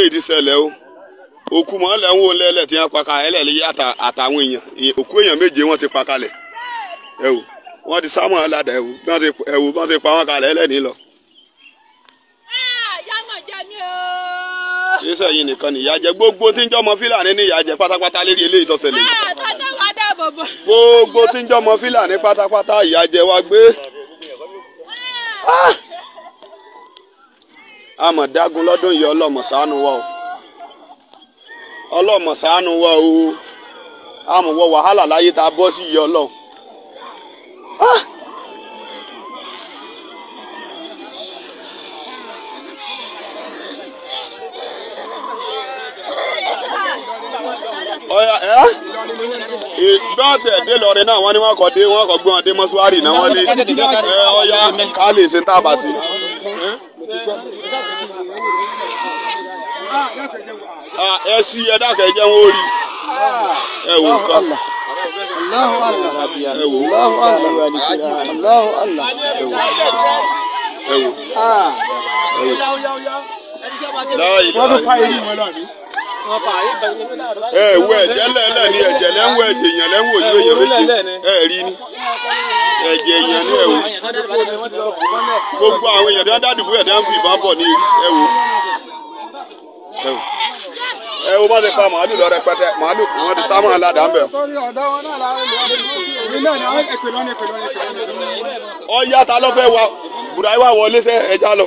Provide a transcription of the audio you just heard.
eléyìí ti ṣẹlẹ̀ o òkú mọ́ lẹ́ ń wò lẹ́lẹ̀ tí wọ́n pa kalẹ̀ ẹlẹ́lẹ́yẹ àtàwọn èèyàn òkú èèyàn méje wọ́n ti pa kalẹ̀ ẹ wò wọ́n ti sá mọ́ aládàá ẹ wò ẹ wò wọ́n ti pa wọ́n kalẹ̀ ẹlẹ́ni lọ. yíṣẹ́ yìí nìkan nìyà jẹ gbogbo tí ń jọmọ fílàní ní ìyà jẹ pátápátá lérí eléyìí tó ṣẹlẹ̀ gbogbo tí ń jọmọ fílàní pátápátá ìyà jẹ wa gbé. amọ̀dágun lọ́dún yìí ọlọ́mọ̀sánú wa o ọlọ́mọ̀sánú wa o amọ̀wọ wàhálà láyé tá bọ́ sí yìí ọlọ́run. dọ́ọ̀tì ẹ̀dẹ́ lọ́ọ̀rẹ́ náà wọ́n ní kọ́ dé wọn kọ́ dé mọ́ṣúárì Ah, ẹ sí ẹ dákẹ́ ẹ jẹ́ wọ́n rí ẹ wò ká ẹ wò ẹ wò láàyè láàyè ẹ ah. wọ ẹ̀jẹ̀ lẹlẹ ni ẹ̀jẹ̀ lẹwọ ẹ̀jẹ̀ yẹn lẹwọ ojú èèyàn méje ẹ rí ni ẹ̀jẹ̀ èèyàn ni ẹ wò gbogbo àwọn èèyàn dáadáa dìbò ẹ̀dá ń fi ìbá bọ̀ ní ẹ wò ẹ o bá ti pa màálù lọ rẹpẹtẹ màálù wọn ti sáwọn aládàá ń bẹ. ta ló fẹ́ wa burayi wa wọlé sẹ́ ẹja lọ.